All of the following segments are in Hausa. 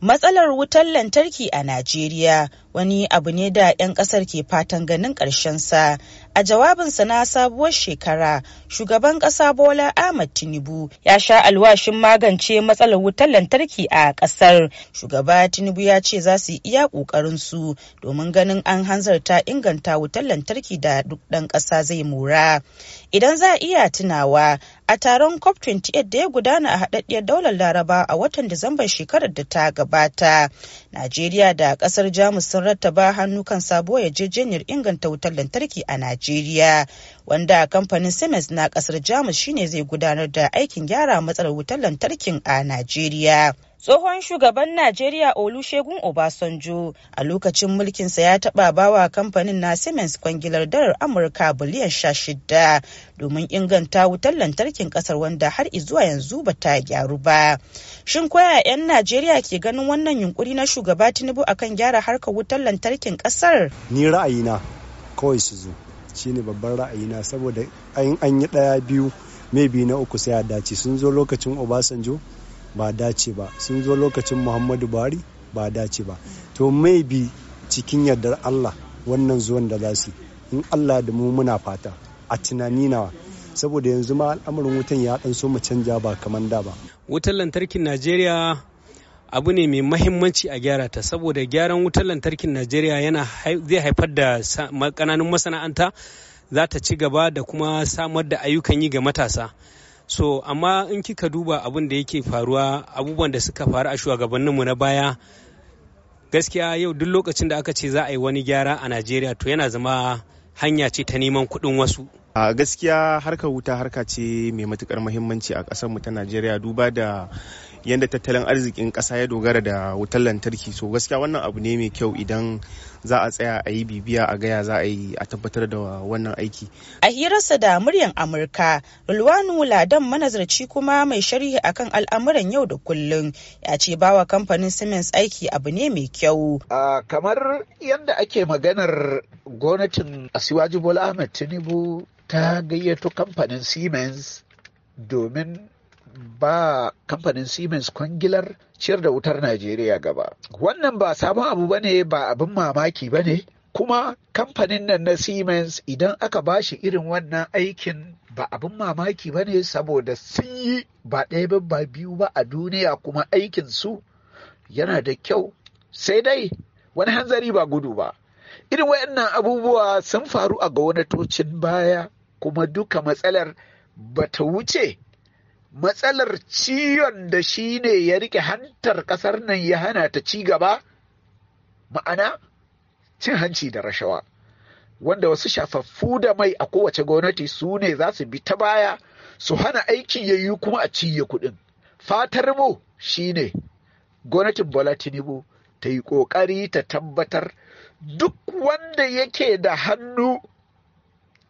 Matsalar wutar lantarki a Najeriya wani abu ne da 'yan kasar ke fatan ganin sa A jawabinsa na sabuwar shekara, shugaban ƙasa Bola Ahmad Tinubu ya sha alwashin magance matsalar wutar lantarki a ƙasar. Shugaba Tinubu ya ce za su iya ƙoƙarinsu domin ganin an hanzarta inganta wutar lantarki da duk ɗan ƙasa zai mora. Idan za a iya tunawa, a taron cop 28 da ya gudana a haɗaɗɗiyar daular laraba a watan disambar shekarar da ta gabata najeriya da ƙasar jamus sun rattaba hannu kan sabuwar yarjejeniyar inganta wutar lantarki a najeriya wanda kamfanin siemens na ƙasar jamus shine zai gudanar da aikin gyara matsalar wutar lantarkin a najeriya tsohon shugaban najeriya olusegun obasanjo a lokacin mulkinsa ya taɓa bawa kamfanin na siemens kwangilar dalar amurka biliyan sha shida domin inganta wutar lantarkin kasar wanda har izuwa yanzu ba ta gyaru ba shin koya 'yan najeriya ke ganin wannan yunkuri na shugaba tinubu akan gyara harkar wutar lantarkin kasar ni ra'ayina kawai su zo shine babban ra'ayina saboda an yi ɗaya biyu maybe na uku sai a dace sun zo lokacin obasanjo ba dace ba sun zo lokacin muhammadu buhari ba dace ba to bi cikin yardar allah wannan zuwan da za su in allah da mu muna fata a tunani nawa saboda yanzu ma al'amarin wutan ya dan so mu canja ba kamar da ba wutar lantarkin najeriya abu ne mai mahimmanci a gyara ta saboda gyaran wutar lantarkin najeriya yana zai haifar da kananun masana'anta za ta ci gaba da kuma samar da ayyukan yi ga matasa so amma in kika duba abin da yake faruwa abubuwan da suka faru a shugabanninmu na baya gaskiya yau duk lokacin da aka ce za a yi wani gyara a najeriya to yana zama hanya ce ta neman kuɗin wasu a gaskiya harkar wuta harka ce mai matukar muhimmanci a kasar mu ta najeriya duba da yadda tattalin arzikin ƙasa ya dogara da wutar lantarki so gaskiya wannan abu ne mai kyau idan za a tsaya a yi bibiya a gaya za a yi a tabbatar da wannan aiki a hirarsa da muryan amurka rulwanu ladan manazarci kuma mai sharhi akan al'amuran yau da kullum ya ce bawa kamfanin siemens aiki abu ne mai kyau kamar yadda ake maganar gwamnatin asiwaji bola ahmed tinubu ta gayyato kamfanin siemens domin ba kamfanin Siemens kwangilar ciyar da wutar Najeriya gaba. Wannan ba sabon abu ba ne ba abin mamaki ba ne, kuma kamfanin nan na Siemens idan aka ba shi irin wannan aikin ba abin mamaki ba ne saboda sun yi ba ɗaya ba biyu ba a duniya kuma aikin su yana da kyau sai dai wani hanzari ba gudu ba. Irin waɗannan abubuwa sun faru a gwamnatocin baya kuma duka matsalar ba ta wuce matsalar ciyon da shi ne ya rike hantar ƙasar nan ya hana ta ci gaba ma'ana cin hanci da rashawa wanda wasu shafaffu da mai a kowace gwamnati su ne za su bi ta baya su hana aiki ya yi kuma a ciye kuɗin fatar mu shi ne gwamnatin bola tinubu ta yi ƙoƙari ta tabbatar duk wanda yake da hannu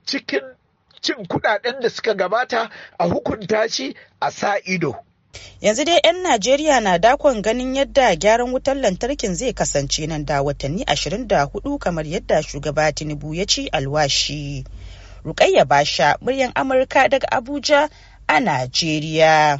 cikin cin kudaden da suka gabata a hukunta shi a sa ido yanzu dai 'yan najeriya na dakon ganin yadda gyaran wutar lantarkin zai kasance nan da watanni 24 kamar yadda shugaba tinubu ya ci alwashi rukayya basha muryan amurka daga abuja a najeriya